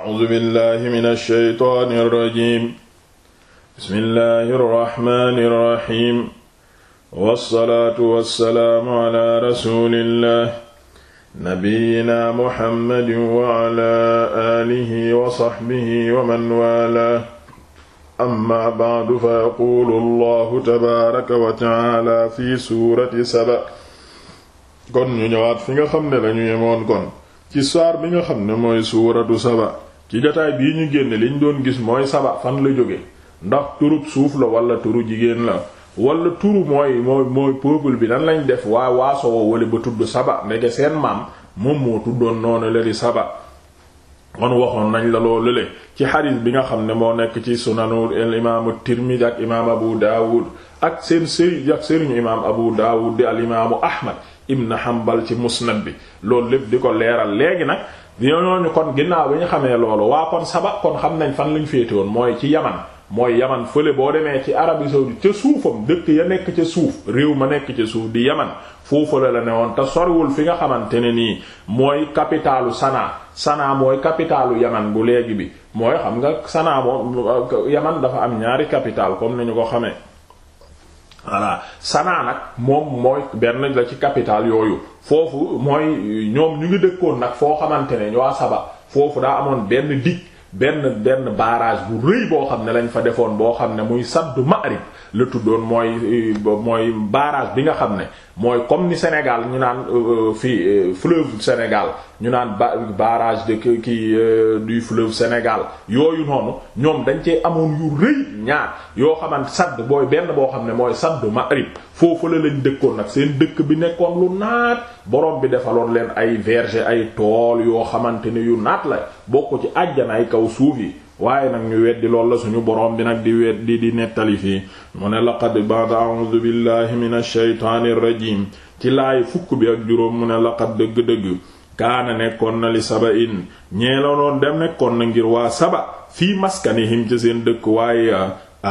أعوذ بالله من الشيطان الرجيم بسم الله الرحمن الرحيم والصلاة والسلام على رسول الله نبينا محمد وعلى آله وصحبه ومن والاه أما بعد فيقول الله تبارك وتعالى في سورة سبأ kon ñu ñëwaat fi nga xam ne lañu yemoon kon ci saar bi nga xam ne mooy suuratu Saba ci jotaay bii ñu génn liñ doon gis mooy saba fan la jóge ndax turub suuf la walla turu jigéen la walla turu mooy mooy mooy bi nan lañ def waa waasoo wala ba tudd saba ndege seen maam moom moo tuddoon noonu la di saba kon waxoon nañ la loolu le ci xadis bi nga xam ne moo nekk ci sunanu al imaamu tirmidi ak imaam abu daawud ak seen sëriñ ak sëriñu imaam abu daawud di al imaamu ahmad ibn hanbal ci musnad bi loolu lépp di ko leeral léegi nag ñooñu kon ginnaaw bi ñu xamee loolu waa kon saba kon xam nañ fan lañ féete woon mooy ci yaman mooy yaman fële boo demee ci Arabie saoudite ca suufam dëkk ya nekk ca suuf réew ma nekk ca suuf di yaman foofu la ne woon te soriwul fi nga xamante ne nii mooy capitalu Sanaa Sanaa mooy capitalu yaman bu léegi bi mooy xam nga Sanaa moom yaman dafa am ñaari capital comme ni ñu ko xamee. voilà Sanaa nag moom mooy benn la ci capital yooyu foofu mooy ñoom ñu ngi dëkkoon nag foo xamante ne ñu ñoo Saba foofu daa amoon benn dig benn benn barrage bu rëy boo xam ne lañ fa defoon boo xam ne muy sabdu Ma'rib la tuddoon mooy mooy barrage bi nga xam ne mooy comme ni Sénégal ñu naan euh, euh, fi euh, fleuve Sénégal ñu naan ba barrage de kii euh, du fleuve Sénégal yooyu noonu ñoom dañ cee amoon yu rëy ñaar yoo xamante sadd booy benn boo xam ne mooy saddu Maghrib foofu la lañ dëkkoon nag seen dëkk bi nekkoon lu naat borom bi defaloon leen ay verger ay tool yoo xamante ne yu naat la bokk ci àjjana kaw suuf yi waaye nag ñu weddi loolu la suñu boroom bi nag di weddi di nettali fii mu ne laqad ba'da a'udhu billahi minash shaytanir rajim ci laay fukk bi ak juróom mu ne laqad dëgg kaana nekkoon na li saba in ñeeloon dem nekkoon na ngir waa saba fii maskanihim ci seen dëkk waaye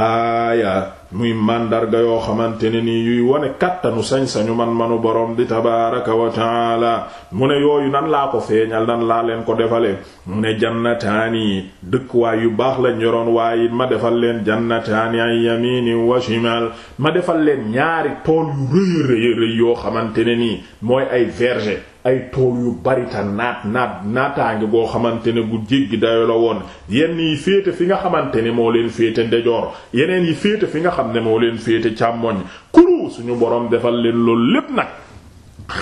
aaya muy màndarga yoo xamante ne nii yuy wone kàttanu sañ-sañu man-manu borom di tabaaraka wa taala mu ne yooyu nan laa ko feeñal nan laa leen ko defale mu ne jannataani dëkkuwaay yu baax la yoroon waaye ma defal leen jannataani ay yamini wa shimal ma defal leen ñaari tool yu rëy rëy rëy yoo xamante ne nii mooy ay verger ay tool yu bari ta naat naat naataange boo xamante ne bu jéggi dayo la woon yenn yi féete fi nga xamante ne moo leen féete ndejoor yeneen yi féete fi nga xam ne moo leen féete càmmoñ kuru suñu boroom defal leen loolu lépp nag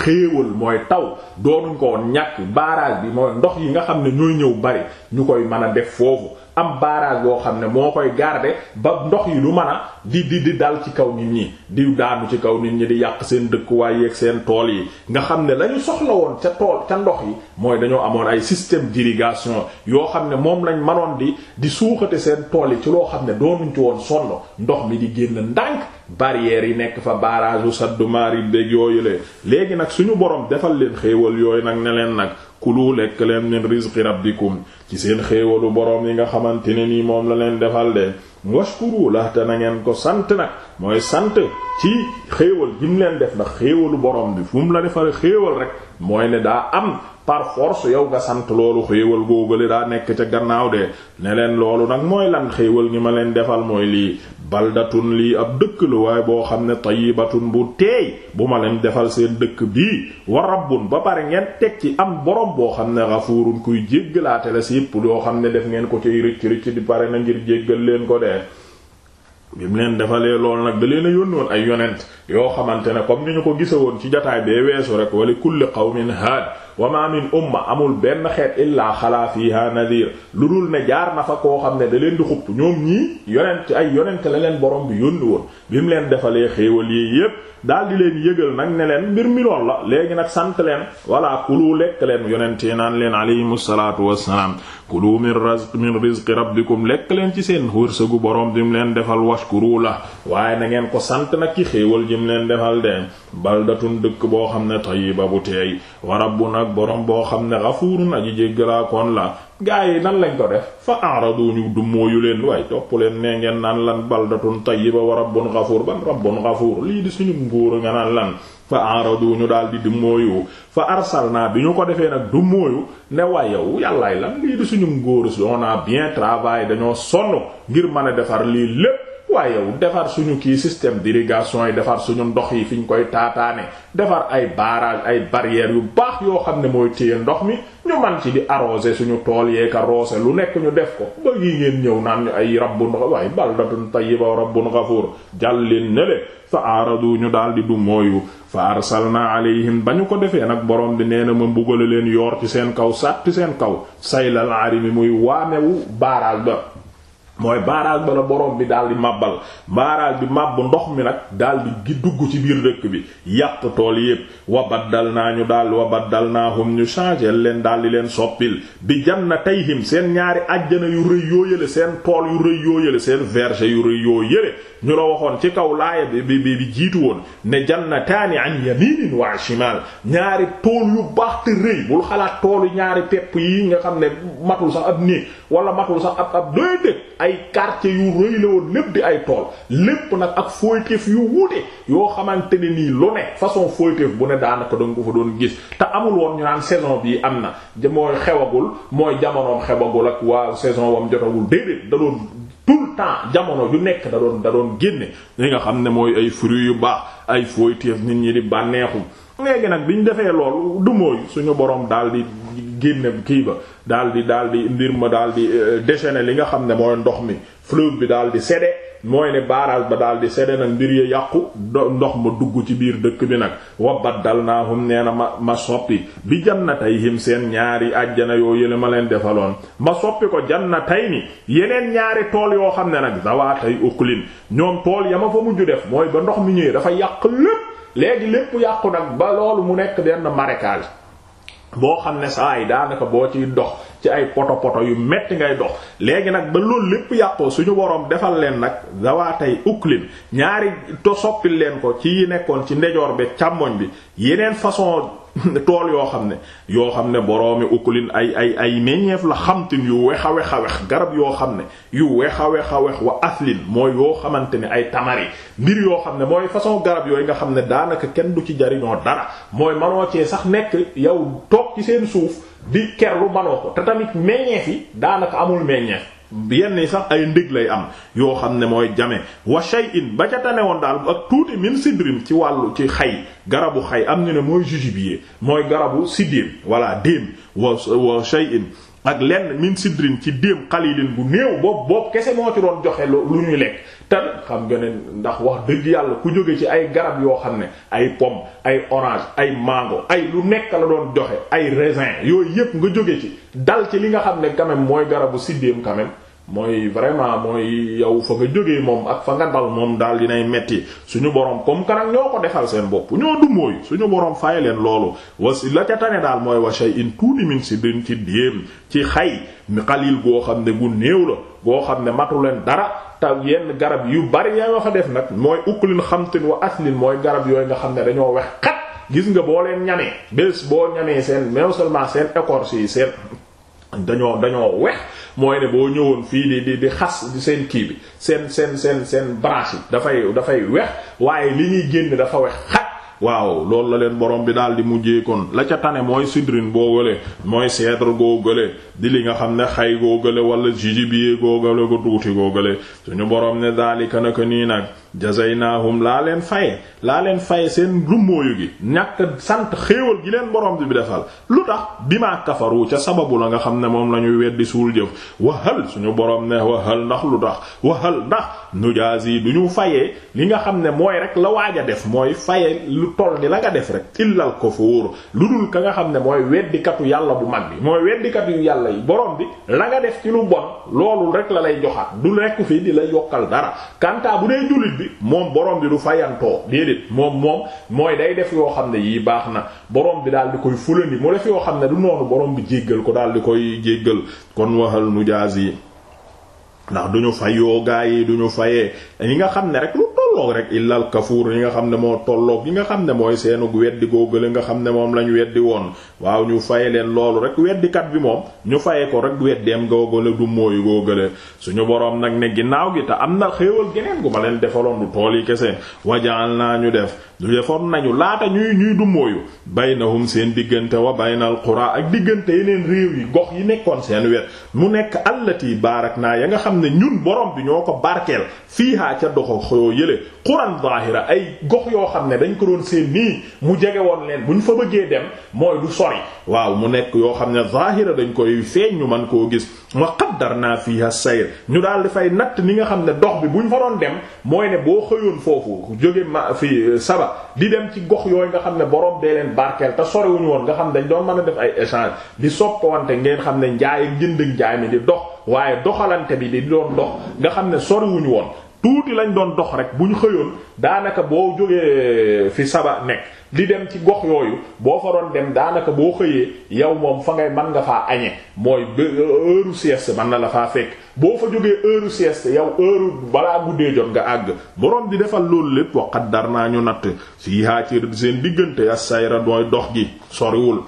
xéewal mooy taw doonuñ ko ñàkk barrage bi mooy ndox yi nga xam ne ñooy ñëw bari ñu koy mën a def foofu am barrage yoo xam ne moo koy garder ba ndox yi du mën a di di di dal ci kaw nit ñi di daanu ci kaw nit ñi di yàq seen dëkkuwaay yeeg seen tool yi nga xam ne la ñu woon ca tool ca ndox yi mooy dañoo amoon ay système d'irrigation yoo xam ne moom lañ mënoon di di suuxate seen tool yi ci loo xam ne doonuñ ci woon sonn ndox mi di génn ndànk barrières yi nekk fa barrage u saddumaari dég yooyu lee léegi nag suñu borom defal leen xéewal yooyu nag ne leen nag kulu lekk leen min rizqi rabbikum ci seen xéewalu boroom yi nga xamante ne nii moom la leen defal de washkuru la te na ngeen ko sant nag mooy sant ci xéewal gi leen def ndax xéewalu borom bi fu mu la defal xéewal rek mooy ne daa am par force yow nga sant loolu xéewal góogale daa nekk ca gannaaw de ne loolu nag mooy lan xéewal gi ma leen defal mooy lii baldatun lii ab dëkk lu waaye boo xam ne tayyibatun bu teey bu ma leen defal seen dëkk bii wa rabbun ba pare ngeen teg ci am borom boo xam ne ghafurun kuy jéggalaate la si yépp yoo xam ne def ngeen ko ci rëcc rëcc di pare na ngir jéggal leen ko de bim leen defalee loolu nag da leen a yónni ay yonent yoo xamante ne comme ni ñu ko gisa woon ci jataay bee weesu rek wali kulli qawmin haad wa ma min umma amul benn xeet illaa xalaa fiha nadir lu dul ne jaar na fa koo xam ne da leen di xupp ñoom ñii yonent ay yonent la leen borom bi yónni woon bi leen defalee xéewal yi yépp daal di leen yëgal nag ne leen mbir mi lool la léegi nag sant leen walla kulu lekk leen yonent yi naan leen alayhimu salaatu wassalaam kulu min rizq min rizqi rabbikum lekk leen ci seen wërsëgu borom bi mu leen defal washkuru la waaye na ngeen ko sant nag ci xéewal ji leen defal de baldatun dëkk boo xam ne tayyiba bu teey wa nag borom boo xam ne xafuurun aji jéggalaakoon la gaa yi nan lañ ko def fa aradu ñu du dummóoyu leen waaye topp leen nee ngeen naan lan baldatun war wa rabbun xafuur ban rabbun xafuur lii di suñu nguur nga naan lan fa aradu ñu daal di dummóoyu fa arsalna bi ñu ko defee nag dummóoyu ne waay yow yàllaay lan lii di suñu nguur on a bien travaillé dañoo sonn ngir mën a defar lii lépp waaye yow defar suñu kii système dirigation yi defar suñu ndox yi fi koy taataane defar ay barrage ay barrières yu baax yoo xam ne mooy téye ndox mi ñu man ci di arroser suñu tool yeeka roose lu nekk ñu def ko ba yi ngeen ñëw naan ñu ay rabbun waaye baldatun tayyiba rabbun ghafur jàll leen nele fa aradu ñu daal di du mooyu fa arsalna alayhim ba ñu ko defee nag borom bi nee na ma mbugale leen yoor ci seen kaw sàtti seen kaw saylal arimi muy waanewu baaraal ba mooy barrage ba la borom bi daal di màbbal barrage bi màbbu ndox mi nag daal di dugg ci biir dëkk bi yàq tool yépp wa baddal naa ñu daal wa baddal naahum ñu changer leen daal di leen soppil bi jannatayhim seen ñaari àjjana yu rëy yoo yële seen tool yu rëy yoo yële seen verge yu rëy yoo yële ñu la waxoon ci kaw laaya bi bi bi jiitu woon ne jannataani an yaminin wa shimal ñaari tool yu baax te rëy bul xalaat toolu ñaari pepp yi nga xam ne matul sax ab néeg ay quartier yu rëy lépp di ay tool lépp nag ak foyteef yu wuute yoo xamante ne nii lu ne façon foyteef bu ne daanaka doon ko fa doon gis te amul woon ñu naan saison bii am na mooy xewagul mooy jamono xewagul ak waa saison wam jotagul déedéet da doon tout le temps jamono ju nekk da doon génne li nga xam ne mooy ay fruits yu baax ay foyteef nit ñi di bànneexu léegi nag biñ defee loolu du mooy suñu borom daal di. génne kii ba daal di daal di mbir ma daal di euh, déchaîner li nga xam ne mooy ndox mi fleuve bi daal di sede mooy ne barrage ba daal di sede nag mbir ya yàqu ndox ma dugg ci biir dëkk bi nag wa baddalnaahum nee na ma ma soppi bi jannatayhim seen ñaari àjjana yoo yële ma leen defaloon ma soppi ko jannatayni yeneen ñaari tool yoo xam ne nag zawaatay uklin ñoom tool ya ma fa mujj def mooy ba ndox mi ñëwee dafa yàq lépp léegi lépp yàqu nag ba loolu mu nekk benn marécage boo xam ne saa yi daanaka boo ciy dox ci ay poto poto yu metti ngay dox léegi nag ba loolu lépp yàqoo suñu boroom defal leen nag zawaatay uklin ñaari to soppil leen ko ci nekkoon ci ndejoor be càmmoñ bi yeneen façon tool yoo xam ne yoo xam ne boroomi ukulin ay ay ay meññeef la xamtin yu wex a wex a garab yoo xam ne yu wex a wex a wa aslin mooy yoo xamante ne ay tamari mbir yoo xam ne mooy façon garab yooyu nga xam ne daanaka kenn du ci jariñoo dara mooy manoo cee sax nekk yow toog ci seen suuf di kerlu manoo ko te tamit meññeef yi daanaka amul meññeef yenn yi sax ay ndég lay am yoo xam ne mooy jame wa shay'in ba ca tane woon daal ak tuuti min sidrim ci wàllu ci xay garabu xay am ñu ne mooy jujubier mooy garabu siddim walla déem wa wa shay'in ak lenn min sidrin ci déem xalilin bu néew boobu boobu kese moo ci doon joxe lu ñuy lekk te xam nga ndax wax dëgg yàlla ku jóge ci ay garab yoo xam ne ay pomme ay orange ay mango ay lu nekk la doon joxe ay raisin yooyu yëpp nga jóge ci dal ci li nga xam ne quand même mooy garabu si déem mooy vraiment mooy yow fa nga jógee moom ak fa nga dal moom daal dinay metti suñu borom comme kanak ñoo ko defal seen bopp ñoo dumóoy suñu borom fay leen loolu wasi la ca tane daal mooy wa shay'in tuuti min sidrin ci déem ci xay xalil goo xam ne gu néew la goo xam ne matu leen dara taw yenn garab yu bari yaa wax a def nag mooy uklin xamtin wa aslin mooy garab yooyu nga xam ne dañoo wex xat gis nga boo leen ñamee bés boo ñamee seen non seulement seen écorce yi seen dañoo dañoo wex mooy ne boo ñëwoon fii di di xas di seen kii bi seen seen seen seen branche yi dafay dafay weex waaye li ñuy génn dafa weex xat waaw loolu la leen borom bi daal di mujjee kon la ca tane mooy sidrine boo gële mooy cèdre goo gële di li nga xam ne xay goo gële wala jujubier goo gële ko tuuti goo gële suñu borom ne daalika naka nii nag jazaynahum laa leen faye laa leen faye seen rummóoyu gi ñàkk sant xéewal gi leen borom bi bi defal lu tax bi bimaa kafaru ca sababu la nga xam ne moom la ñuy weddi suul jëf wahal suñu borom ne wahal ndax lu tax wahal ndax nujaazi du ñu fayee li nga xam ne mooy rek la waaj a def mooy faye lu toll ni la nga def rek illal kufur lu dul ka nga xam ne mooy weddikatu yàlla bu mag bi mooy weddikatu yàlla yi borom bi la nga def ci lu bon loolu rek la lay joxaat du la yooyu moom borom bi du fayantoo déedéet moom moom mooy day def yoo xam ne yii baax na borom bi daal di koy fulandi mu def yoo xam ne du noonu borom bi jéggal ko daal di koy jéggal kon waxal nujaas yi ndax duñu fayoo gaa yi duñu fayee ñi nga xam ne rek tolloog rek illal kafuur yi nga xam ne moo tolloog yi nga xam ne mooy seenug weddi góogale nga xam ne moom lañ weddi woon waaw ñu faye leen loolu rek weddikat bi moom ñu faye ko rek weddeem góogale du mooyu góogale suñu boroom nag ne ginnaaw gi te am na xéewal geneen gu ma leen defaloon du tool yi kese wajaal naa ñu def du defoon nañu laata ñuy ñuy du mooyu baynahum seen diggante wa baynal qura ak diggante leen réew yi gox yi nekkoon seen wet mu nekk allati baarak naa ya nga xam ne ñun borom bi ñoo ko barkeel fiihaa ca doxo xoo jëlee quran zahira ay gox yoo xam ne dañ ko doon seen nii mu jege woon leen bu ñu fa bëggee dem mooy du sori waaw mu nekk yoo xam ne zahira dañ koy feeñ ñu man koo gis wa qaddarna fiha sayr ñu daal di fay natt ni nga xam ne dox bi bu ñu fa doon dem mooy ne boo xëyoon foofu jóge ma fi saba di dem ci gox yooyu nga xam ne borom dee leen barkeel te soriwuñu woon nga xam dañ doon mën a def ay échange di soppawante ngeen xam ne njaay ak jënd ak njaay mi di dox waaye doxalante bi di doon dox nga tuuti lañ doon dox rek bu ñu xëyoon daanaka boo jógee fi saba nekk di dem ci gox yooyu boo fa doon dem daanaka boo xëyee yow moom fa ngay mën nga faa añe mooy heure sieste mën na la faa fekk boo fa jógee heure sieste yow heure balaa guddee jot nga àgg borom di defal loolu lépp waqat dar naa ñu natt si yaa ci seen diggante as dooy dox gi soriwul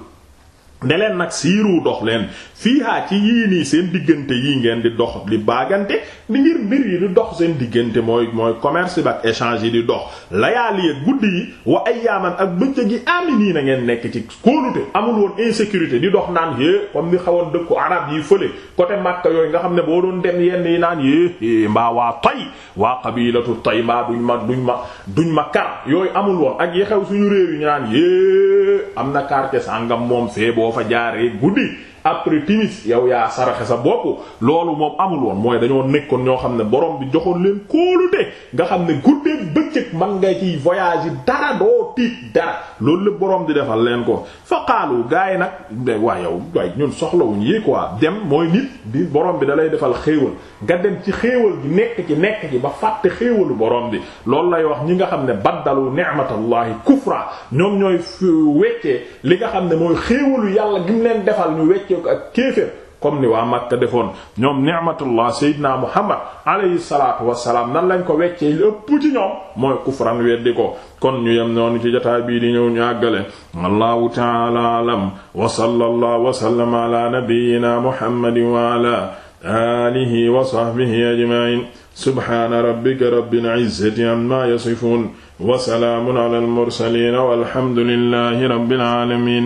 ne leen nag siiru dox leen fiihaa ci yii nii seen diggante yii ngeen di dox di baagante di ngir mbir yi di dox seen diggante mooy mooy commerce bi ak échange yi di dox layaali ak guddi yi wa ay yaaman ak bëccëg yi amini na ngeen nekk ci kóolute amul woon insécurité di dox naan yée comme ni xawoon dëkku arab yi fële côté Makka yooyu nga xam ne boo doon dem yenn yi naan yée mbaa waa tay waa qabilatu tay mbaa duñ ma duñ ma duñ ma kar yooyu amul woon ak yi suñu réew yi ñu naan yée am na quartier sàngam moom boo fa jaaree guddi après timis yow yaa saraxe sa bopp loolu moom amul mooy dañoo nekkoon ñoo xam ne borom bi joxoon leen kóolute nga xam ne guddeeg bëccëg man nga ciy voyage yi dara doo tiit dara loolu la borom di defal leen ko fa xaalu gars yi nag waa yow waaye ñun soxlawuñ yi quoi dem mooy nit bi borom bi da lay defal xéewal nga dem ci xéewal gi nekk ci nekk ci ba fàtte xéewalu borom bi loolu lay wax ñi nga xam ne baddalu ni'matallahi kufra ñoom ñooy weccee li nga xam ne mooy xéewalu yàlla gi mu leen defal ñu wecc wàccee ko ak kéeféer comme ni waa Makka defoon ñoom ni'matullah sayyidina Muhammad alayhi salaatu wassalaam nan lañ ko weccee lépp ci ñoom mooy kufran weddi ko kon ñu yem noonu ci jotaay bii di ñëw ñu àggale wallahu ta'ala alam wa sallallahu wa sallama ala nabiyyina Muhammadin wa ala alihi wa sahbihi ajma'in subhana rabbika rabbil izzati amma yasifun wa salaamun ala al mursalin walhamdulillahi rabbil alamin